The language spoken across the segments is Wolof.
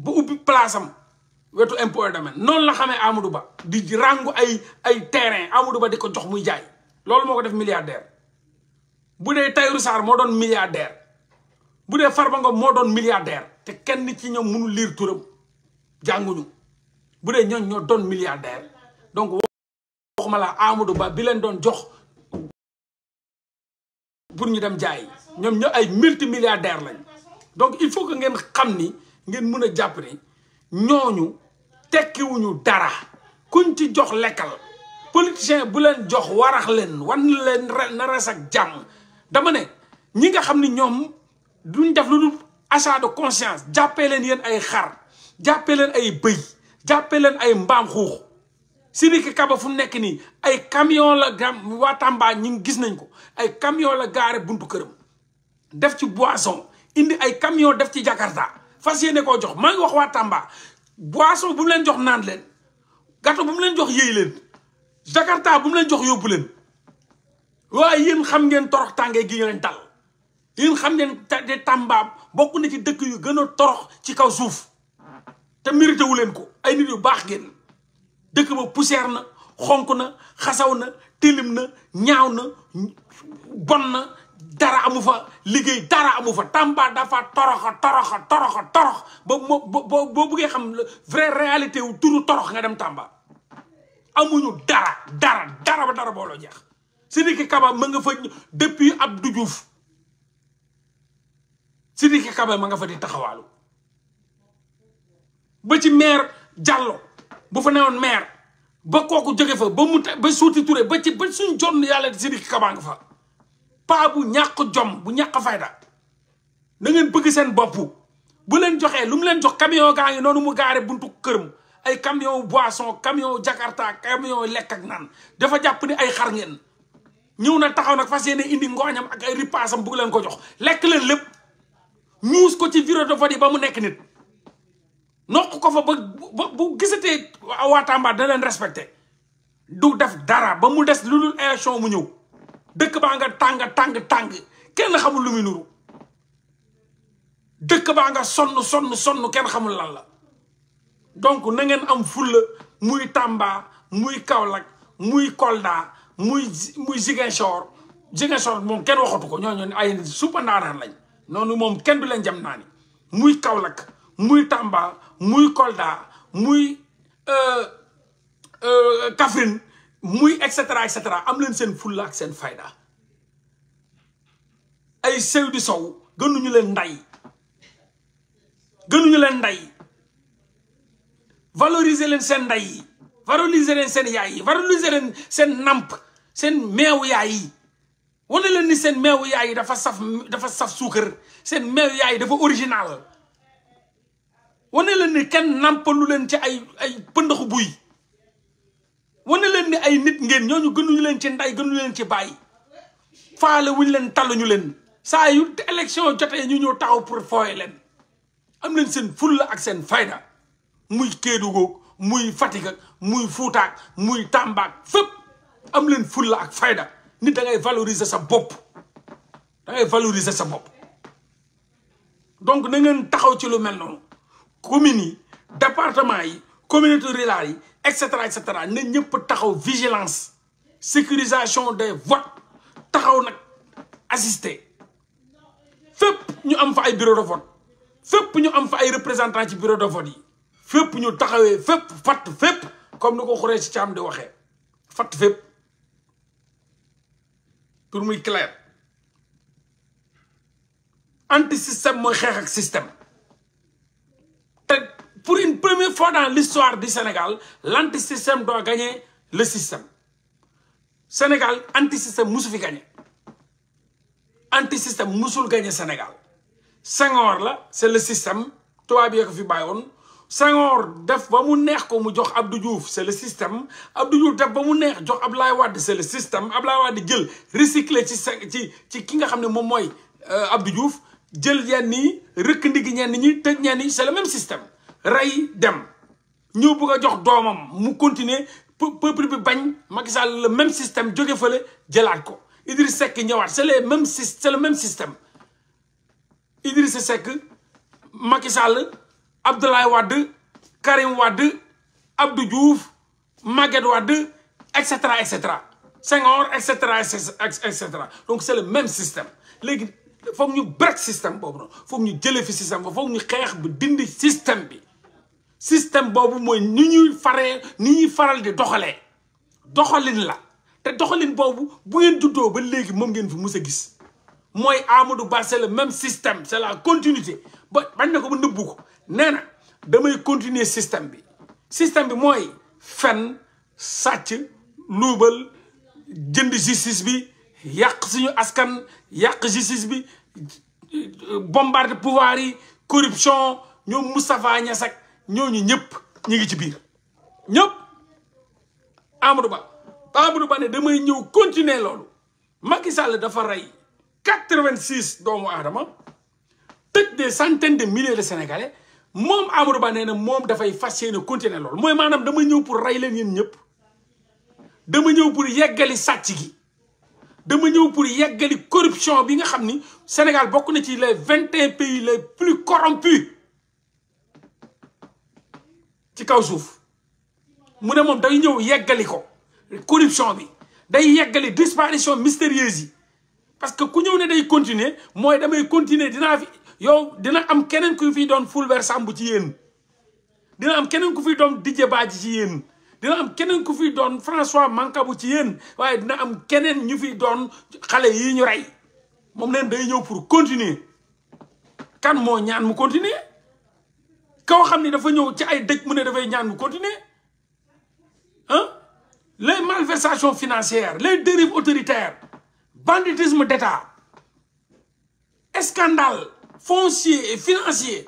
ba ubbi place wetu impôt et noonu la xamee Amadou Ba di ràngu ay ay terrain Amadou Ba di ko jox muy jaay loolu moo ko def milliardaire bu dee Tahirou Sarr moo doon milliardaire bu dee Farba moo doon milliardaire te kenn ci ñoom mënu liir turam jànguñu bu dee ñooñ ñoo doon milliardaire donc waxuma la Amadou Ba bi leen doon jox pour ñu dem jaay ñoom ñoo ay multimilliardaire lañ donc il faut que ngeen xam ni ngeen mun a jàpp ni ñooñu tekkiwuñu dara kuñ ci jox lekkal politicien bu leen jox warax leen wan leen na res ak jàmm dama ne ñi nga xam ni ñoom duñ def lu dul achat de conscience jàppee leen yéen ay xar jàppee leen ay bëy jàppee leen ay mbaam xuux Sidiki Kaba fu nekk nii ay camion la ga Tamba ñi gis nañ ko ay camion la gaare buntu këram def ci boisson indi ay camion def ci Jakarta fas yéene koo jox maa ngi wax waa Tamba boisson bu mu leen jox naan leen gâteau bu mu leen jox yéey leen jakarta bu mu leen jox yóbbu leen waa yéen xam ngeen torox tàngee gi ngeen dal yéen xam ngeen de Tamba bokk na ci dëkk yu gën a torox ci kaw suuf te mérité wu leen ko ay nit yu baax ngeen dëkk ba poussière na xonk na xasaw na tilim na ñaaw na bon na dara amu fa liggéey dara amu fa Tamba dafa toroxa toroxa toroxa torox ba buggee xam vraie réalité wu turu torox nga dem Tamba amuñu dara dara dara ba dara booloo jeex Sidiki Kaba ma nga fa depuis Abdou Diouf Sidiki Kaba ma nga fa di taxawaalu ba ci maire Diallo bu fa newoon maire ba kooku jóge fa ba mu ba Souti Touré ba ci ba suñ jonn yàlla Sidiki Kaba nga fa paa bu ñàkk jom bu ñaq fayda na ngeen bëgg seen bopp bu leen joxee lu mu leen jox camion gaa ngi noonu mu gaare buntu këram ay camion boisson camion jakarta camion lekk ak naan dafa jàpp ni ay xar ngeen ñëw na taxaw nag fas yéene indi ngooñam ak ay ripaasam bugg leen ko jox lekk leen lépp ñuus ko ci bureau de vote yi ba mu nekk nit noq ko fa ba bu gisatee waa Tamba da leen respecté du def dara ba mu des lu dul élection mu ñëw dëkk baa nga tàng tàng tàng kenn xamul lu muy dëkk baa nga sonn sonn sonn kenn xamul lan la donc na ngeen am fulla muy Tamba muy Kaolack muy Kolda muy muy Ziguinchor Ziguinchor moom kenn waxatu ko ñooñu ay suppa ndaanaan lañ noonu moom kenn du leen jam naa muy Kaolack muy Tamba muy Kolda muy euh, euh, Kaffrine muy et cetera et am leen seen fulla seen fayda ay sew di sow gënuñu leen nday gënuñu leen nday valoriser leen seen nday yi valoriser leen seen yaay yi valoriser leen seen namp seen meewu yaay yi wane leen ni seen meewu yaay yi dafa saf dafa saf suukar seen meewu yaay yi dafa original wane leen ni kenn nampalu leen ci ay ay pëndaxu buy wane leen ni ay nit ngeen ñooñu gënuñu leen ci nday gënuñu leen ci bàyyi faale wuñ leen taluñu leen saa yu élection jotee ñu ñëw taxaw pour fooye leen am leen seen fulla ak seen fayda muy Kédougou muy Fatick muy Fouta muy Tamba ak am leen fulla ak fayda nit da ngay sa bopp da ngay sa bopp donc na ngeen taxaw ci lu mel noonu communes yi département yi communauté rurale yi et cetera et cetera na ñëpp taxaw vigilance sécurisation des votes taxaw nag assisté fépp ñu am fa ay bureau de vote fépp ñu am fa ay représentants ci bureau de vote yi fépp ñu taxawee fépp fatt fépp comme nu ko xuree ci caam di waxee fatt fépp pour muy clair anti système mooy xeex ak système pour une première fois dans l'histoire du Sénégal l'antisystème doo gagner le système Sénégal antisystème musu fi gagné antisystème musul gagné Sénégal Senghor la c'est le système tubaab yee ko fi bàyyi woon Senghor def ba mu neex ko mu jox Abdou Diouf c'est le système Abdou Diouf def ba mu neex jox ab Wade c'est le système Ablaye Wade jël recycler ci ci ci ki nga xam ne moom mooy euh, abdu Diouf jël yenn yi rëkk ndig ñenn ñi tëj ñenn ñi c'est le même système rey dem ñëw bëgg a jox doomam mu continuer peuple bi bañ Macky Sall le même système jóge fële jëlaat ko Idriss Seck ñëwaat c'est le même c'est le même système Idriss Seck Macky Sall Abdoulaye Wade Karim Wade Abdou Diouf Maguette Wade et cetera et cetera Senghor et cetera et cetera donc c'est le même système léegi foog ñu break système boobu noonu foog ñu jëlee fi système boobu ñu xeex bu dindi système bi système boobu mooy ni ñuy faree ni ñuy faral di doxalee doxalin la te doxalin boobu bu ngeen juddoo ba léegi moom ngeen fi mus a gis mooy Amadou Ba c'est le même système c'est la continuité ba bañ na ko ba nëbbu ko nee na damay continuer système bi système bi mooy fen sàcc luubal jënd justice bi yàq suñu askan yàq justice bi bombarde pouvoir yi corruption ñoom Moustapha Niass ak ñooñu ñëpp ñu ngi ci biir ñëpp Amadou Ba Amadou Ba ne damay ñëw continuer loolu Macky Sall dafa rey quatre-vingt-six doomu aadama tëj de centaines de milliers de sénégalais moom Amadou Ba nee na moom dafay fas yéene continuer loolu mooy maanaam dama ñëw pour rey leen ñëpp dama ñëw pour yeggali sàcc gi dama ñëw pour yeggali corruption bi nga xam ni Sénégal bokk na ci les vingt et un pays les plus corrompus ci kaw suuf mu ne moom day ñëw yeggali ko corruption bi day yeggali disparition mystérieuse yi parce que ku ñëw ne day continuer mooy damay continuer dinaa fi yow dina am keneen ku fi doon Fulbert sàmbu ci yéen dina am keneen ku fi doon Didier Badji ci dina am keneen ku fi doon François Mancabou ci yéen waaye dina am keneen ñu fi doon xale yi ñu rey moom leen day ñëw pour continuer kan moo ñaan mu continuer koo xam ni dafa ñëw ci ay dëj mu ne dafay ñaan mu continuer ah les malversations financières les dérives autoritaires banditisme d'État scandale foncier et financier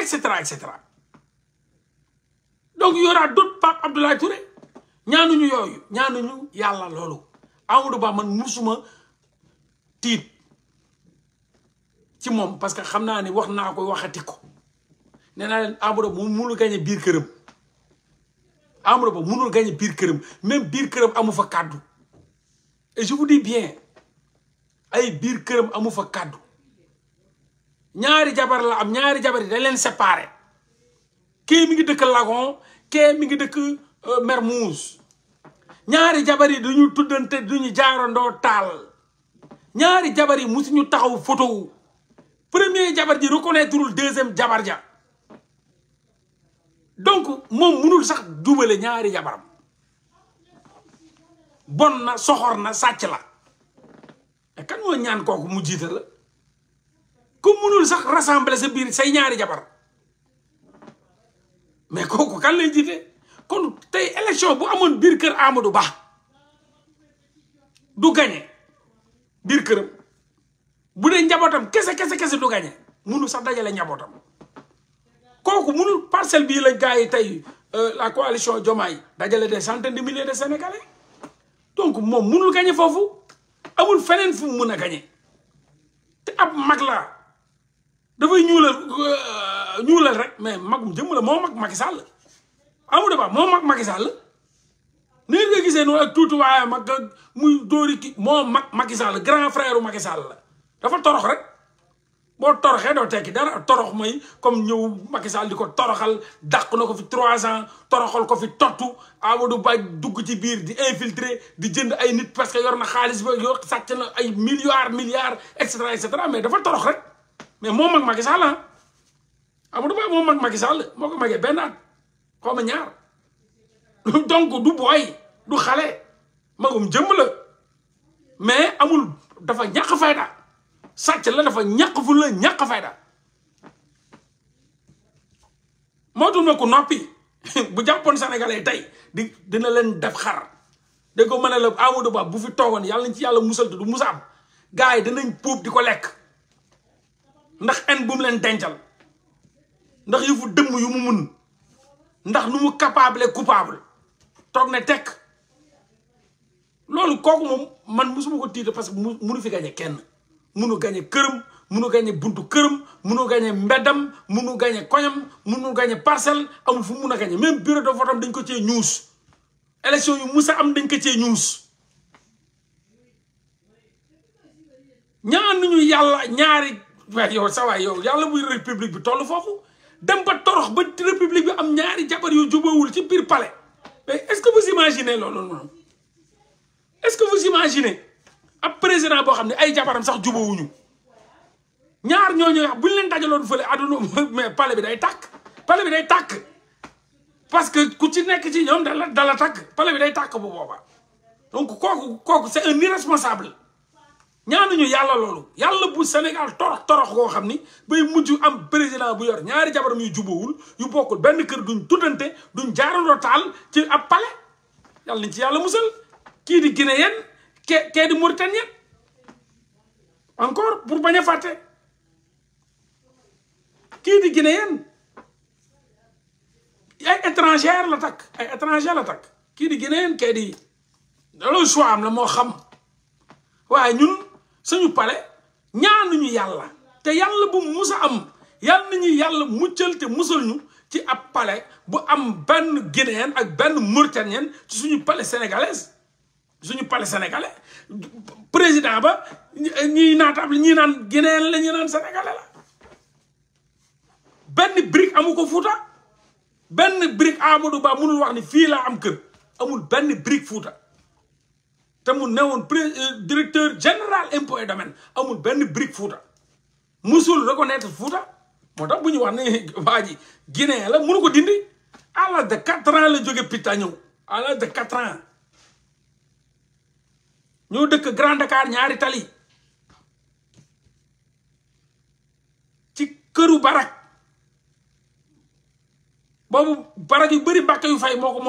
et cetera et donc y aura d'autres Pape Abdoulaye Touré ñaanuñu yooyu ñaanuñu yàlla loolu Amadou Ba man musuma tiit ci moom parce que xam naa ni wax naa ko waxati ko nee naa leen Amadou Ba munul gañe biir këram Amadou Ba munul gañe biir këram même biir këram amu fa kàddu et je vous bien ay biir këram amu fa kàddu ñaari jabar la am ñaari jabar yi dañ leen séparé kii mi ngi dëkk Lagon kee mi ngi dëkk euh, Mermoz ñaari jabar yi duñu tuddante duñu jaarandoo taal ñaari jabar yi musuñu taxaw photo premier jabar ji reconnaîtreul deuxième jabar ja donc moom munul sax dubale ñaari jabaram bon na soxor na sàcc la kan moo ñaan kooku mu jiite la ku munul sax rassembler sa biir say ñaari jabar mais kooku kan lay jiite kon tey élection bu amoon biir kër Amadou Ba du gagné biir këram. bu dee njabootam kese kese kese du gañe munu sax dajale njabootam kooku munul parcelle bii la gars yi tey euh, la coalition Diomaye dajale des centaines de milliers de sénégalais donc moom munul gañe foofu amul feneen fu mu mun a gañe te ab mag laa dafay ñuulal euh, ñuulal rek mais magum jëmm la moo mag Macky Sall amul débat moo mag Macky Sall nga gisee noonu ak tuuti waaye muy dóori moo mag Macky Sall grand frère u la dafa torox rek boo toroxee doo tekki dara torox mooy comme ñëw Macky Sall di ko toroxal dàq na ko fi trois ans toroxal ko fi tottu Amadou Ba dugg ci biir di infiltrer di jënd ay nit parce que yor na xaalis ba yor sàcc na ay milliards milliards et cetera et cetera mais dafa torox rek mais moo mag Macky Sall ah Amadou Ba moo mag Macky moo ko magee benn at xaw ma ñaar donc du booy du xale magum jëmm la mais amul dafa ñàkk fayda sàcc la dafa ñàkk fu la ñàkk fayda moo tax ku noppi bu jàppoon sénégalais tey di dina leen def xar da ko mën a la Amadou bu fi toogoon yàlla ci yàlla musal te du musaam gars yi danañ puub di ko lekk ndax en bu mu leen dencal ndax yëfu dëmm yu mu mun ndax mu capable coupable toog ne tekk loolu kooku moom man musuma ko tiita parce que munu fi gañe kenn munu gañe këram munu gañe buntu këram munu gañe mbeddam munu gañe koñam munu gañe parcelle amul fu mun a gañe même bureau de dañ ko cee ñuus élection yu musa am dañ ko cee ñuus ñaanuñu yàlla ñaari waaye sa waay yow yàlla muy république bi toll foofu dem ba torox ba république bi am ñaari jabar yu jubawul ci biir palais mais est-ce que vous imaginez loolu noonu est-ce que vous imaginez ab président boo xam ne ay jabaram sax jubawuñu ñaar ñooñu wax buñ leen dajaloon fële àdduna mais palais bi day tàkk palais bi day tàkk parce que ku ci nekk ci ñoom dala dala tàkk palais bi day tàkk bu booba donc kooku kooku c'est un irresponsable ñaanuñu yàlla loolu yàlla bu Sénégal torox torox koo xam ni bay mujj am président bu yor ñaari jabaram yu jubawul yu bokkul benn kër duñ tuddante du jaarandoo ci ab palais yàlla nañ ci yàlla musal kii di Guinéen kee kee di Mauritanie encore pour bañ a fàtte kii di Guinéen ay étranger la takk ay étranger la takk kii di Guinéen kee di loolu choix am la moo xam waaye ñun suñu pale ñu yàlla te yàlla bu mus a am yàlla nañu yàlla muccal te musal ñu ci ab pale bu am benn Guinéen ak benn Mauritanien ci suñu pale sénégalaise suñu pale sénégalais président ba ñiy naatable ñi naan guinéen la ñi naan sénégalais la benn brique amu ko Fuuta benn brique Amadou Ba mënul wax ni fii laa am kër amul benn brique Fuuta te mu newoon pré euh, directeur général impôt et amul benn brique Fuuta musul reconnaître Fuuta moo tax bu ñu wax ne waa ji guinéen la mënu ko dindi à de quatre ans la jóge Pita ñëw à de quatre ans ñoo dëkk Grand Dakar ñaari tali ci këru barak boobu barak yu bari Mbàkke yu fay moo ko